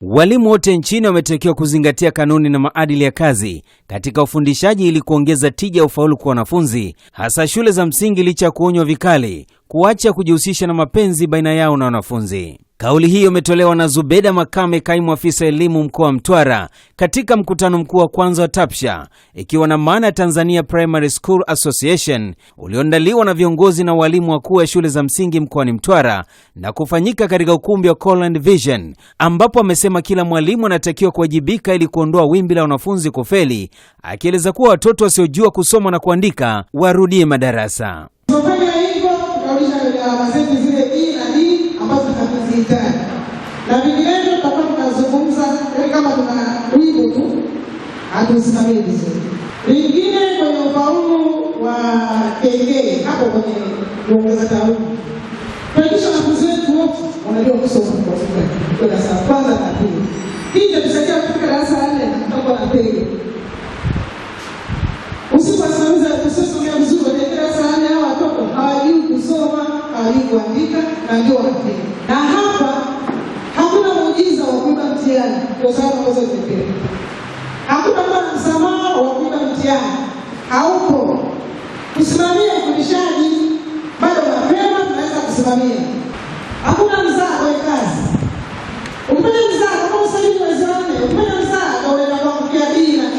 Walimu wote nchini wametakiwa kuzingatia kanuni na maadili ya kazi katika ufundishaji ili kuongeza tija ya ufaulu kwa wanafunzi, hasa shule za msingi, licha ya kuonywa vikali kuacha kujihusisha na mapenzi baina yao na wanafunzi. Kauli hiyo imetolewa na Zubeda Makame, kaimu afisa elimu mkoa wa Mtwara, katika mkutano mkuu wa kwanza wa TAPSHA, ikiwa na maana ya Tanzania Primary School Association, ulioandaliwa na viongozi na walimu wakuu ya shule za msingi mkoani Mtwara na kufanyika katika ukumbi wa Colland Vision, ambapo amesema kila mwalimu anatakiwa kuwajibika ili kuondoa wimbi la wanafunzi kufeli, akieleza kuwa watoto wasiojua kusoma na kuandika warudie madarasa hospitali, na vinginevyo tutakuwa tunazungumza yaani kama tuna wigo tu hatusimamii vizuri. Lingine kwenye ufaulu wa kengee hapo kwenye kuongeza taaluma, tunaikisha wanafunzi wetu wote wanajua kusoma kwa darasa la kwanza na pili. Hii itatusaidia kufika darasa la nne na mtoko la pili usiposimamiza usiosomea vizuri kwenye darasa la nne, hawa watoto hawajui kusoma, hawajui kuandika na ndio wanapiga sana ambazo zimepewa. Hakuna bwana msamaha wa kuiba mtihani, haupo. ufundishaji, bado mapema tunaweza kusimamia. Hakuna mzaha kwenye kazi, upende mzaha kama usajili wezane, upende mzaha kauleta kwa na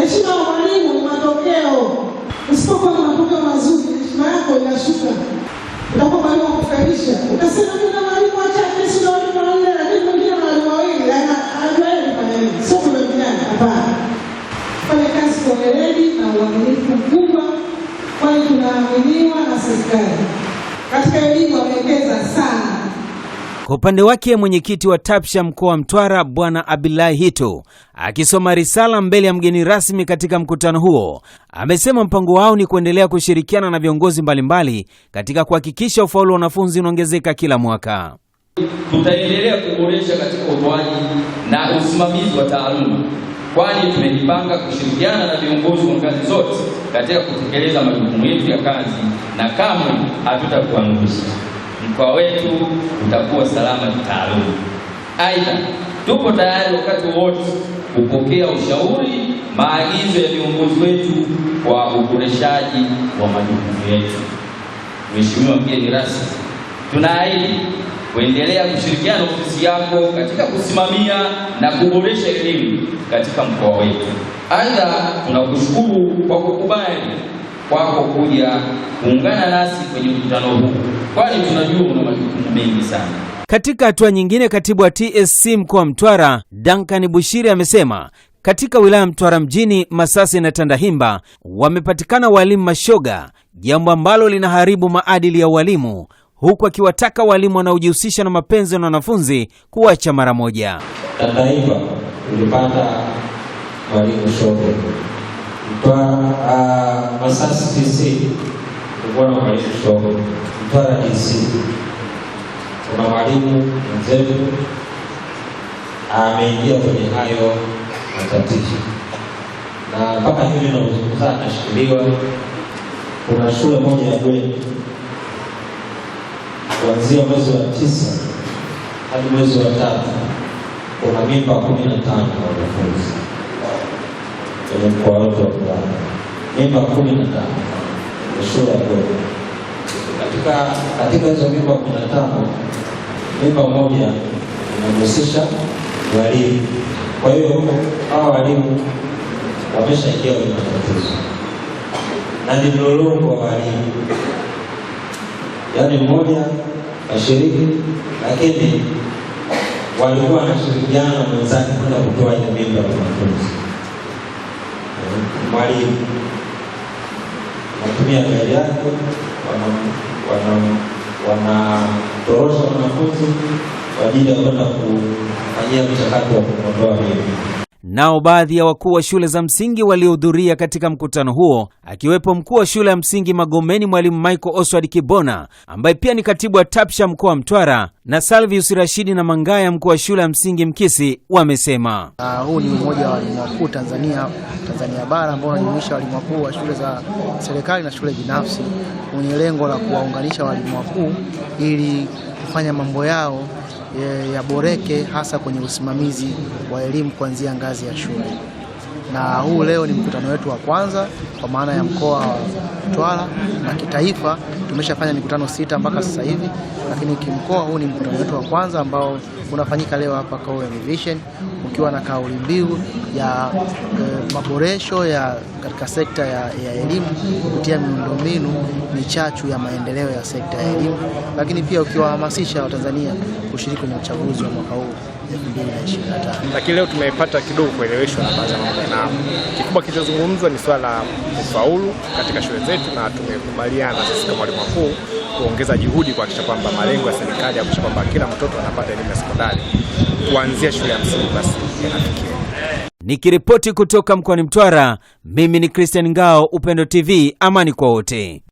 Heshima mwalimu ni matokeo. Usipokuwa na mazuri, heshima yako inashuka, utakuwa mwalimu wa utasema uaminifu mkubwa, kwani tunaaminiwa na serikali. Katika elimu wamewekeza sana. Kwa upande wake mwenyekiti wa TAPSHA mkoa wa Mtwara Bwana Abdulahi Hito akisoma risala mbele ya mgeni rasmi katika mkutano huo amesema mpango wao ni kuendelea kushirikiana na viongozi mbalimbali katika kuhakikisha ufaulu wa wanafunzi unaongezeka kila mwaka. Tutaendelea kuboresha katika utoaji na usimamizi wa taaluma kwani tumejipanga kushirikiana na viongozi wa ngazi zote katika kutekeleza majukumu yetu ya kazi na kamwe hatutakuangusha. Mkoa wetu utakuwa salama kitaaluma. Aidha, tupo tayari wakati wote kupokea ushauri, maagizo ya viongozi wetu kwa uboreshaji wa majukumu yetu. Mheshimiwa mgeni rasmi, tunaahidi kuendelea kushirikiana ofisi yako katika kusimamia na kuboresha elimu katika mkoa wetu. Aidha, tunakushukuru kwa kukubali kwako kuja kuungana nasi kwenye mkutano huu, kwani tunajua una majukumu mengi sana. Katika hatua nyingine, katibu wa TSC mkoa wa Mtwara Duncan Bushiri amesema katika wilaya Mtwara mjini, Masasi na Tandahimba wamepatikana walimu mashoga, jambo ambalo linaharibu maadili ya walimu huku akiwataka walimu wanaojihusisha na mapenzi na wanafunzi kuacha mara moja. Tandaiva ulipata mwalimu Shove Mtwara, ah, Masasi DC ulikuwa na mwalimu Shove Mtwara DC, kuna mwalimu mwenzetu ameingia kwenye hayo matatizo, na mpaka hivi inavyozungumza anashikiliwa. Kuna shule moja ya bweni kuanzia mwezi wa tisa hadi mwezi wa tatu kuna mimba kumi na tano yaani kwa wanafunzi kwenye mkoa wote wa Mtwara, mimba kumi na tano kwenye shule ya Gombe. Katika katika hizo mimba kumi na tano mimba moja inahusisha walimu. Kwa hiyo hawa walimu wameshaingia kwenye matatizo na ni mlolongo wa walimu, yaani mmoja washiriki, lakini walikuwa wanashirikiana na mwenzake kwenda kutoa ile ya wanafunzi. Mwalimu natumia gari yake, wanatorosha wanafunzi kwa ajili ya kwenda kufanyia mchakato wa kuondoa mimba. Nao baadhi ya wakuu wa shule za msingi waliohudhuria katika mkutano huo, akiwepo mkuu wa shule ya msingi Magomeni Mwalimu Michael Oswald Kibona ambaye pia ni katibu wa TAPSHA mkoa wa Mtwara na Salvius Rashidi na Mangaya mkuu wa shule ya msingi Mkisi wamesema uh, huu ni mmoja wa walimu wakuu Tanzania, Tanzania bara ambao wanajumuisha walimu wakuu wa shule za serikali na shule binafsi wenye lengo la kuwaunganisha walimu wakuu ili kufanya mambo yao yaboreke hasa kwenye usimamizi wa elimu kuanzia ngazi ya shule. Na huu leo ni mkutano wetu wa kwanza kwa maana ya mkoa wa Mtwara, na kitaifa tumeshafanya mikutano sita mpaka sasa hivi, lakini kimkoa huu ni mkutano wetu wa kwanza ambao unafanyika leo hapa Cowen Vision kukiwa na kauli mbiu ya e, maboresho ya katika sekta ya elimu kupitia miundombinu ni chachu ya maendeleo ya sekta ya elimu, lakini pia ukiwahamasisha Watanzania kushiriki kwenye uchaguzi wa mwaka huu 2025. Lakini leo tumepata kidogo kueleweshwa na baadhi ya mambo, na kikubwa kilichozungumzwa ni swala la ufaulu katika shule zetu, na tumekubaliana sisi kama walimu wakuu kuongeza juhudi kuhakikisha kwamba malengo ya serikali ya kuhakikisha kwamba kila mtoto anapata elimu ya sekondari kuanzia shule ya msingi basi yanafikia. Nikiripoti kutoka mkoani Mtwara, mimi ni Christian Ngao, Upendo TV, amani kwa wote.